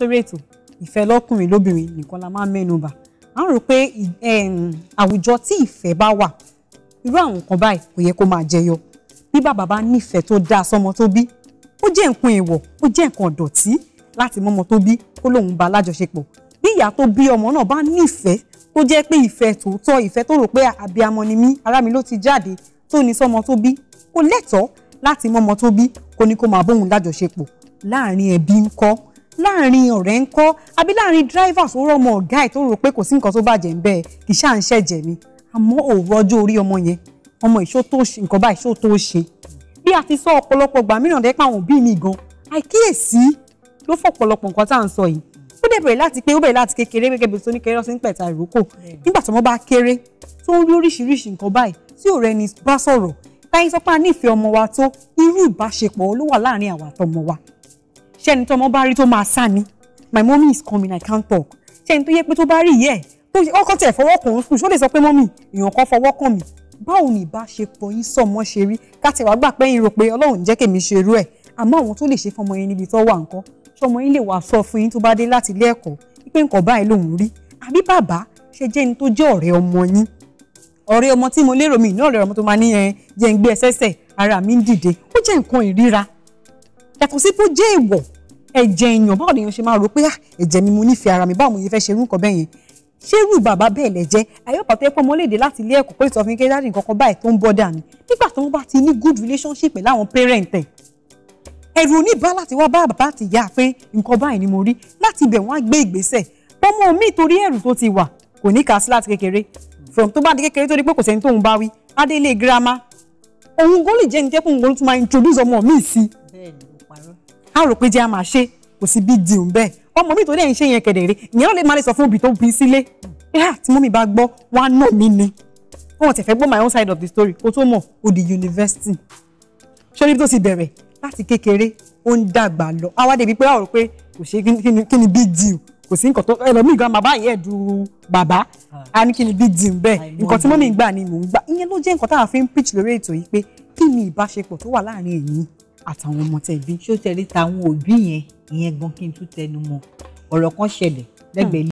sórí ètò ìfẹ́ lọ́kùnrin lóbìnrin nìkan la máa ń mẹ́nu bà á rò pé àwùjọ tí ìfẹ́ bá wà irú àwọn nǹkan báyìí kò yẹ kó máa jẹyọ bí bàbá bá nífẹ̀ẹ́ tó dáa sọ́mọ tó bí ó jẹ́ nǹkan èèwọ̀ ó jẹ́ nǹkan ọ̀dọ̀tí láti mọ́mọ tó bí kó lóun bá lájọṣepọ̀ bí ìyá tó bí ọmọ náà bá nífẹ̀ẹ́ tó jẹ́ pé ìfẹ́ tòótọ́ ìfẹ́ tó rò pé àbíamọ ni mí ara mi ló ti jáde tó ní sọ́mọ tó bí kò lẹ́tọ̀ọ́ láti mọ́mọ tó bí kó ní kó máa bóun lájọṣepọ̀ láàrin ẹbí ńkọ́ láàrin ọ̀rẹ́ ń kọ́ àbí láàrin drivers ó rọmọ ọ̀gá ẹ̀ tó rò pé kò sí nǹkan tó bàjẹ́ ń bẹ́ẹ̀ kì í ṣáà ń ṣẹ̀jẹ̀ mi àmọ́ òwúrọ̀ ọjọ́ orí ọmọ yẹn ọmọ ìṣó tó ṣe nǹkan báyìí ṣó tó ṣe bí a ti sọ ọ̀pọ̀lọpọ̀ gbà mìíràn dẹ́pẹ́ àwọn òbí mi gan àìkíyèsí ló fọ̀pọ̀lọpọ̀ nǹkan tá à ń sọ yìí ó dẹ̀ bẹ̀rẹ̀ láti pé ó bẹ̀rẹ̀ láti kékeré gẹ́gẹ́ bí tó ní kéré ọ̀sìn pẹ̀ta ìrókò nígbà tó wọ́n bá kéré tó ń rí oríṣiríṣi nǹkan báyìí tí ò rẹni bá sọ̀rọ̀ táyé sọ pé a nífẹ̀ẹ́ ọmọ wa tó irú ìbáṣepọ̀ ló wà láàárín àwa àtọmọ wa ṣé ẹni tó ọmọ bá rí tó máa sá ni my mommy is coming I can't talk ṣé ẹni tó yẹ pé tó bá rí yẹ ọkọ tẹ fọwọ́ kàn ń sùn ṣó lè sọ pé mọ́mì èèyàn kan fọwọ́ kàn mí báwo ni ìbáṣepọ̀ yín sọmọ ṣe rí káti wàá gbà pé yín rò pé ọlọ́run jẹ́ kèmí ṣe irú ẹ̀ àmọ́ àwọn tó lè ṣe fọmọ yín níbi tó wà nǹkan ṣọmọ yín lè wà sọ fún yín tó bá dé láti ilé ẹ̀kọ́ pé nǹkan báyìí lòun rí àbí bàbá ṣe jẹ́ ni tó jẹ́ ọ̀rẹ́ ọmọ yín ọ̀rẹ́ ọmọ tí mo lérò mi ìná ọ̀rẹ́ ọmọ tó máa ní ẹ jẹ́ ń gbé ẹsẹ́sẹ̀ ara mi ń dìde ó jẹ́ nǹkan ìríra yàtọ̀ sí pé ó jẹ́ èèwọ̀ ẹ̀jẹ̀ èèyàn báwo lèèyàn ṣe máa rò pé ah, ẹ̀jẹ̀ mi mo nífẹ̀ẹ́ ara mi báwo mo yẹ fẹ́ ṣe irú nǹkan bẹ́ẹ̀ yẹn ṣé irú bàbá bẹ́ẹ̀ lẹ jẹ́ àyọ̀pọ̀ tó yẹ pé ọmọléèdè láti ilé ẹ̀kọ́ pé ìsọfún kí nǹkan kan báyìí tó ń bọ́dà mi nígbà tí wọ́n bá ti ní good relationship pẹ̀lú àwọn parent ẹ̀ ẹ̀rù oníbà láti wá bá bàbá àti ìyá pé nǹkan báyìí ni mo rí láti ibẹ̀ wọ́n á gbé ìgbésẹ̀ pọ́nmọ́ mi torí ẹ̀rù tó ti wà kò ní kà sí láti kékeré from tó bá di kékeré tó di pé kò sẹ́ni tóun bá wí adélé girama òun gan lè jẹ́ ní tẹ́kùn òun tún máa introduce ọmọ mi sí á rò pé jẹ́ a máa ṣe kò sí big deal bẹ́ẹ̀ ọmọ mi tó dẹ̀ ń ṣe yẹn kẹ̀dẹ̀ rí ìyẹn náà lè máa lè sọ fún òbí tó bí sílé yá tí mọ́mí bá gbọ́ wá nà mí ni wọn ti fẹ́ gbọ́ my own side of the story kó tó mọ̀ ó di yunifásitì ṣórí tó ti bẹ̀rẹ̀ láti kékeré ó ń dàgbà lọ àwa débi pé àwọn rò pé kò ṣe kí ni big deal kò sí nǹkan tó ẹlòmíì gan bàbá yẹn du bàbá a ní kí ni big deal bẹ́ẹ̀ nǹkan tí mọ́mí ń gbà ni mò ń gbà ìyẹn ló jẹ́ nǹkan táwa fi ń preach lórí ètò yìí pé kí ni ìbáṣepọ̀ tó wà láàrin èyí àtàwọn ọmọ tẹ̀ bí ṣó tẹ̀lé táwọn òbí yẹn ìyẹn gan kí n tún tẹnu mọ́ ọ̀rọ̀ kan ṣẹlẹ̀ lẹ́gbẹ̀ẹ́